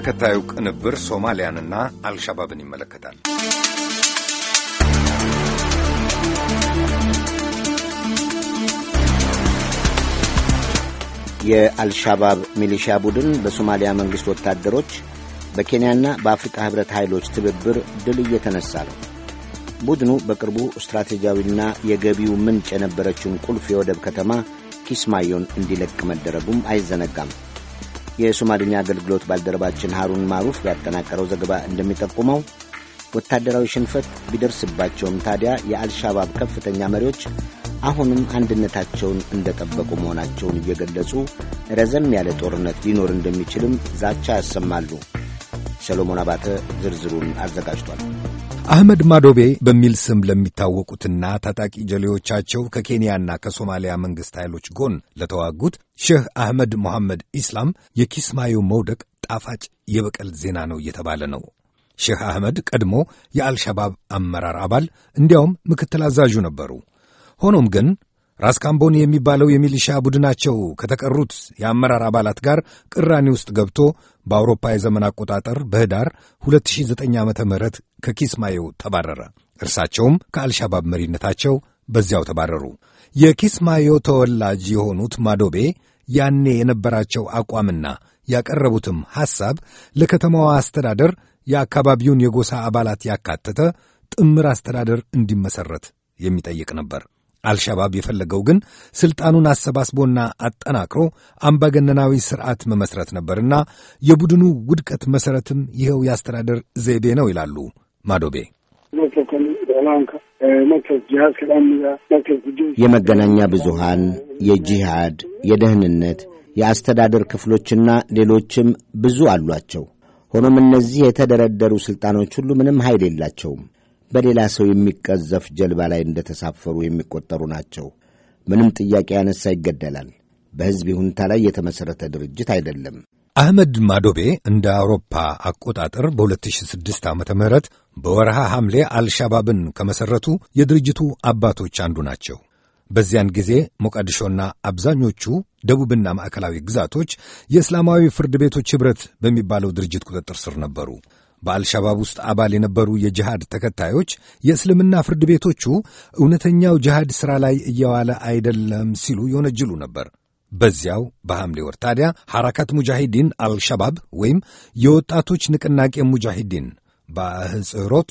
ተከታዩ ቅንብር ሶማሊያንና አልሻባብን ይመለከታል። የአልሻባብ ሚሊሻ ቡድን በሶማሊያ መንግሥት ወታደሮች በኬንያና በአፍሪካ ኅብረት ኃይሎች ትብብር ድል እየተነሳ ነው። ቡድኑ በቅርቡ ስትራቴጂያዊና የገቢው ምንጭ የነበረችውን ቁልፍ የወደብ ከተማ ኪስማዮን እንዲለቅ መደረጉም አይዘነጋም። የሶማልኛ አገልግሎት ባልደረባችን ሀሩን ማሩፍ ያጠናቀረው ዘገባ እንደሚጠቁመው ወታደራዊ ሽንፈት ቢደርስባቸውም ታዲያ የአልሻባብ ከፍተኛ መሪዎች አሁንም አንድነታቸውን እንደጠበቁ መሆናቸውን እየገለጹ ረዘም ያለ ጦርነት ሊኖር እንደሚችልም ዛቻ ያሰማሉ። ሰሎሞን አባተ ዝርዝሩን አዘጋጅቷል። አህመድ ማዶቤ በሚል ስም ለሚታወቁትና ታጣቂ ጀሌዎቻቸው ከኬንያና ከሶማሊያ መንግሥት ኃይሎች ጎን ለተዋጉት ሼህ አህመድ ሞሐመድ ኢስላም የኪስማዮ መውደቅ ጣፋጭ የበቀል ዜና ነው እየተባለ ነው። ሼህ አህመድ ቀድሞ የአልሸባብ አመራር አባል እንዲያውም ምክትል አዛዡ ነበሩ። ሆኖም ግን ራስ ካምቦኒ የሚባለው የሚሊሻ ቡድናቸው ከተቀሩት የአመራር አባላት ጋር ቅራኔ ውስጥ ገብቶ በአውሮፓ የዘመን አቆጣጠር በህዳር 2009 ዓ ም ከኪስማዮ ተባረረ። እርሳቸውም ከአልሻባብ መሪነታቸው በዚያው ተባረሩ። የኪስማዮ ተወላጅ የሆኑት ማዶቤ ያኔ የነበራቸው አቋምና ያቀረቡትም ሐሳብ ለከተማዋ አስተዳደር የአካባቢውን የጎሳ አባላት ያካተተ ጥምር አስተዳደር እንዲመሠረት የሚጠይቅ ነበር። አልሻባብ የፈለገው ግን ሥልጣኑን አሰባስቦና አጠናክሮ አምባገነናዊ ሥርዓት መመሥረት ነበርና የቡድኑ ውድቀት መሠረትም ይኸው የአስተዳደር ዘይቤ ነው ይላሉ ማዶቤ የመገናኛ ብዙሃን፣ የጂሃድ፣ የደህንነት፣ የአስተዳደር ክፍሎችና ሌሎችም ብዙ አሏቸው። ሆኖም እነዚህ የተደረደሩ ሥልጣኖች ሁሉ ምንም ኃይል የላቸውም። በሌላ ሰው የሚቀዘፍ ጀልባ ላይ እንደተሳፈሩ የሚቆጠሩ ናቸው። ምንም ጥያቄ ያነሳ ይገደላል። በሕዝብ ይሁንታ ላይ የተመሠረተ ድርጅት አይደለም። አህመድ ማዶቤ እንደ አውሮፓ አቆጣጠር በ2006 ዓ ም በወርሃ ሐምሌ አልሻባብን ከመሠረቱ የድርጅቱ አባቶች አንዱ ናቸው። በዚያን ጊዜ ሞቃዲሾና አብዛኞቹ ደቡብና ማዕከላዊ ግዛቶች የእስላማዊ ፍርድ ቤቶች ኅብረት በሚባለው ድርጅት ቁጥጥር ስር ነበሩ። በአልሻባብ ውስጥ አባል የነበሩ የጅሃድ ተከታዮች የእስልምና ፍርድ ቤቶቹ እውነተኛው ጅሃድ ሥራ ላይ እየዋለ አይደለም ሲሉ ይወነጅሉ ነበር። በዚያው በሐምሌ ወር ታዲያ ሐራካት ሙጃሂዲን አልሻባብ ወይም የወጣቶች ንቅናቄ ሙጃሂዲን በአህጽሮት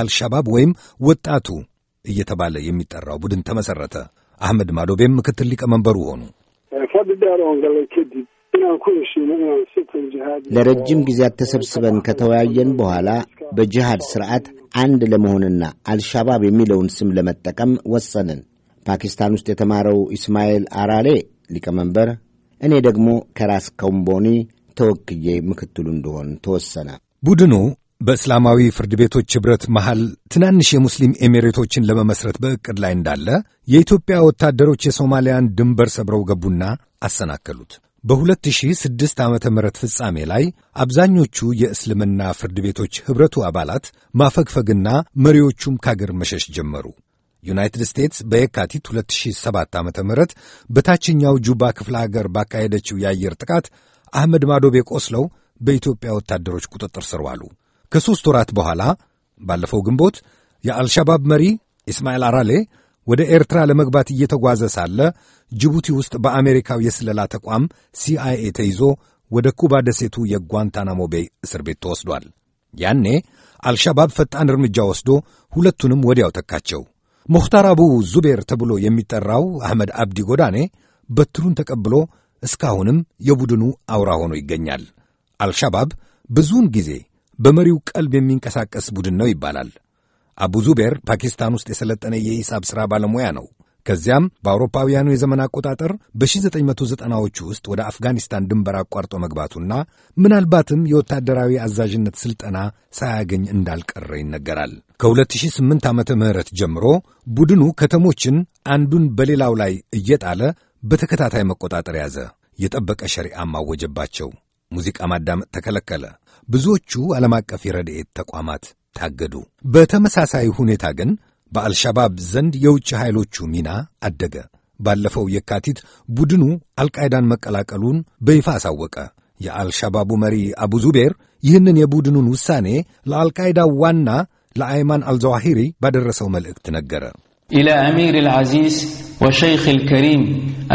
አልሻባብ ወይም ወጣቱ እየተባለ የሚጠራው ቡድን ተመሰረተ አህመድ ማዶቤም ምክትል ሊቀመንበሩ ሆኑ። ለረጅም ጊዜያት ተሰብስበን ከተወያየን በኋላ በጅሃድ ስርዓት አንድ ለመሆንና አልሻባብ የሚለውን ስም ለመጠቀም ወሰንን። ፓኪስታን ውስጥ የተማረው ኢስማኤል አራሌ ሊቀመንበር፣ እኔ ደግሞ ከራስ ከምቦኒ ተወክዬ ምክትሉ እንደሆን ተወሰነ። ቡድኑ በእስላማዊ ፍርድ ቤቶች ኅብረት መሃል ትናንሽ የሙስሊም ኤሚሬቶችን ለመመስረት በእቅድ ላይ እንዳለ የኢትዮጵያ ወታደሮች የሶማሊያን ድንበር ሰብረው ገቡና አሰናከሉት። በ2006 ዓ ም ፍጻሜ ላይ አብዛኞቹ የእስልምና ፍርድ ቤቶች ኅብረቱ አባላት ማፈግፈግና መሪዎቹም ከአገር መሸሽ ጀመሩ። ዩናይትድ ስቴትስ በየካቲት 2007 ዓ ም በታችኛው ጁባ ክፍለ አገር ባካሄደችው የአየር ጥቃት አህመድ ማዶቤ ቆስለው በኢትዮጵያ ወታደሮች ቁጥጥር ስር ዋሉ። ከሦስት ወራት በኋላ ባለፈው ግንቦት የአልሻባብ መሪ ኢስማኤል አራሌ ወደ ኤርትራ ለመግባት እየተጓዘ ሳለ ጅቡቲ ውስጥ በአሜሪካው የስለላ ተቋም ሲአይኤ ተይዞ ወደ ኩባ ደሴቱ የጓንታናሞ ቤይ እስር ቤት ተወስዷል። ያኔ አልሻባብ ፈጣን እርምጃ ወስዶ ሁለቱንም ወዲያው ተካቸው። ሙኽታር አቡ ዙቤር ተብሎ የሚጠራው አሕመድ አብዲ ጎዳኔ በትሩን ተቀብሎ እስካሁንም የቡድኑ አውራ ሆኖ ይገኛል። አልሻባብ ብዙውን ጊዜ በመሪው ቀልብ የሚንቀሳቀስ ቡድን ነው ይባላል። አቡ ዙቤር ፓኪስታን ውስጥ የሰለጠነ የሂሳብ ሥራ ባለሙያ ነው። ከዚያም በአውሮፓውያኑ የዘመን አቆጣጠር በ1990ዎቹ ውስጥ ወደ አፍጋኒስታን ድንበር አቋርጦ መግባቱና ምናልባትም የወታደራዊ አዛዥነት ሥልጠና ሳያገኝ እንዳልቀረ ይነገራል። ከ2008 ዓመተ ምህረት ጀምሮ ቡድኑ ከተሞችን አንዱን በሌላው ላይ እየጣለ በተከታታይ መቆጣጠር ያዘ። የጠበቀ ሸሪዓ አወጀባቸው። ሙዚቃ ማዳመጥ ተከለከለ። ብዙዎቹ ዓለም አቀፍ የረድኤት ተቋማት ታገዱ። በተመሳሳይ ሁኔታ ግን በአልሻባብ ዘንድ የውጭ ኃይሎቹ ሚና አደገ። ባለፈው የካቲት ቡድኑ አልቃይዳን መቀላቀሉን በይፋ አሳወቀ። የአልሻባቡ መሪ አቡ ዙቤር ይህንን የቡድኑን ውሳኔ ለአልቃይዳ ዋና ለአይማን አልዘዋሂሪ ባደረሰው መልእክት ነገረ። إلى أمير العزيز وشيخ الكريم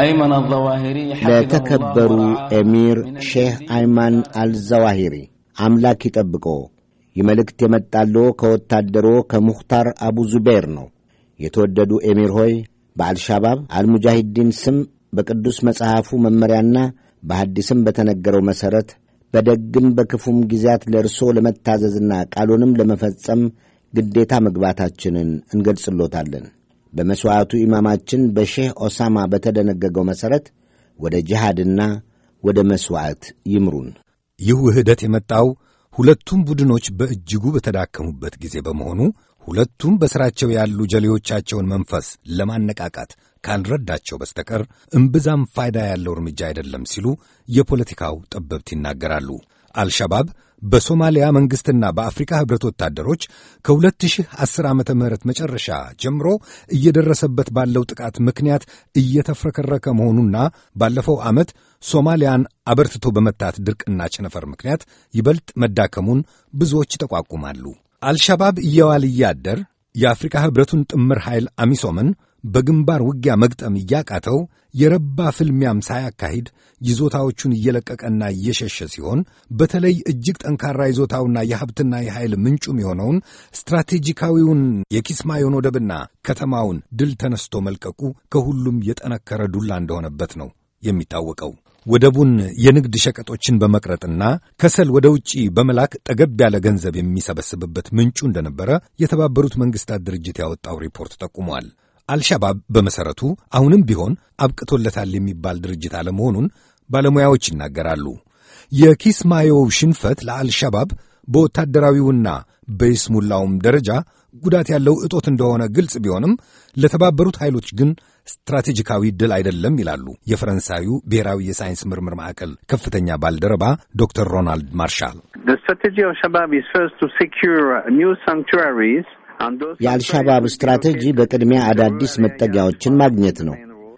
أيمن الظواهري ለተከበሩ ኤሚር ሼህ አይማን አልዘዋሂሪ አምላክ ይጠብቆ። ይህ መልእክት የመጣለው ከወታደሮ ከሙኽታር አቡ ዙቤር ነው። የተወደዱ ኤሚር ሆይ በአልሻባብ አልሙጃሂዲን ስም በቅዱስ መጽሐፉ መመሪያና በሐዲስም በተነገረው መሠረት በደግም በክፉም ጊዜያት ለእርሶ ለመታዘዝና ቃሉንም ለመፈጸም ግዴታ መግባታችንን እንገልጽሎታለን። በመሥዋዕቱ ኢማማችን በሼህ ኦሳማ በተደነገገው መሠረት ወደ ጅሃድና ወደ መሥዋዕት ይምሩን። ይህ ውህደት የመጣው ሁለቱም ቡድኖች በእጅጉ በተዳከሙበት ጊዜ በመሆኑ ሁለቱም በሥራቸው ያሉ ጀሌዎቻቸውን መንፈስ ለማነቃቃት ካልረዳቸው በስተቀር እምብዛም ፋይዳ ያለው እርምጃ አይደለም ሲሉ የፖለቲካው ጠበብት ይናገራሉ። አልሸባብ በሶማሊያ መንግሥትና በአፍሪካ ኅብረት ወታደሮች ከ2010 ዓ ም መጨረሻ ጀምሮ እየደረሰበት ባለው ጥቃት ምክንያት እየተፍረከረከ መሆኑና ባለፈው ዓመት ሶማሊያን አበርትቶ በመታት ድርቅና ቸነፈር ምክንያት ይበልጥ መዳከሙን ብዙዎች ይጠቋቁማሉ። አልሻባብ እየዋል እያደር የአፍሪካ ኅብረቱን ጥምር ኃይል አሚሶምን በግንባር ውጊያ መግጠም እያቃተው የረባ ፍልሚያም ሳያካሂድ ይዞታዎቹን እየለቀቀና እየሸሸ ሲሆን በተለይ እጅግ ጠንካራ ይዞታውና የሀብትና የኃይል ምንጩም የሆነውን ስትራቴጂካዊውን የኪስማዮን ወደብና ከተማውን ድል ተነስቶ መልቀቁ ከሁሉም የጠነከረ ዱላ እንደሆነበት ነው የሚታወቀው። ወደቡን የንግድ ሸቀጦችን በመቅረጥና ከሰል ወደ ውጪ በመላክ ጠገብ ያለ ገንዘብ የሚሰበስብበት ምንጩ እንደነበረ የተባበሩት መንግስታት ድርጅት ያወጣው ሪፖርት ጠቁሟል። አልሻባብ በመሠረቱ አሁንም ቢሆን አብቅቶለታል የሚባል ድርጅት አለመሆኑን ባለሙያዎች ይናገራሉ። የኪስማዮው ሽንፈት ለአልሻባብ በወታደራዊውና በይስሙላውም ደረጃ ጉዳት ያለው እጦት እንደሆነ ግልጽ ቢሆንም ለተባበሩት ኃይሎች ግን ስትራቴጂካዊ ድል አይደለም ይላሉ የፈረንሳዩ ብሔራዊ የሳይንስ ምርምር ማዕከል ከፍተኛ ባልደረባ ዶክተር ሮናልድ ማርሻል። የአልሻባብ ስትራቴጂ በቅድሚያ አዳዲስ መጠጊያዎችን ማግኘት ነው።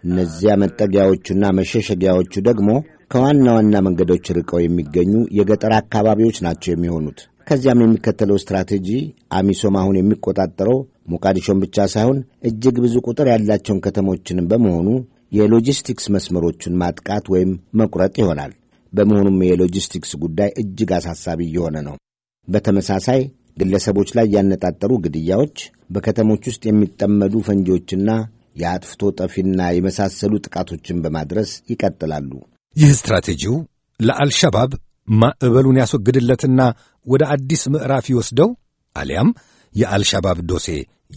እነዚያ መጠጊያዎቹና መሸሸጊያዎቹ ደግሞ ከዋና ዋና መንገዶች ርቀው የሚገኙ የገጠር አካባቢዎች ናቸው የሚሆኑት። ከዚያም የሚከተለው ስትራቴጂ አሚሶም አሁን የሚቆጣጠረው ሞቃዲሾን ብቻ ሳይሆን እጅግ ብዙ ቁጥር ያላቸውን ከተሞችንም በመሆኑ የሎጂስቲክስ መስመሮቹን ማጥቃት ወይም መቁረጥ ይሆናል። በመሆኑም የሎጂስቲክስ ጉዳይ እጅግ አሳሳቢ እየሆነ ነው። በተመሳሳይ ግለሰቦች ላይ ያነጣጠሩ ግድያዎች፣ በከተሞች ውስጥ የሚጠመዱ ፈንጂዎችና የአጥፍቶ ጠፊና የመሳሰሉ ጥቃቶችን በማድረስ ይቀጥላሉ። ይህ ስትራቴጂው ለአልሸባብ ማዕበሉን ያስወግድለትና ወደ አዲስ ምዕራፍ ይወስደው አሊያም የአልሸባብ ዶሴ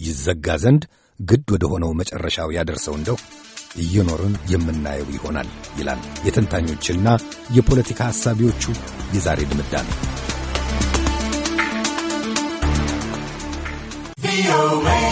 ይዘጋ ዘንድ ግድ ወደ ሆነው መጨረሻው ያደርሰው እንደው እየኖርን የምናየው ይሆናል ይላል የተንታኞችና የፖለቲካ ሐሳቢዎቹ የዛሬ ድምዳሜ። no man.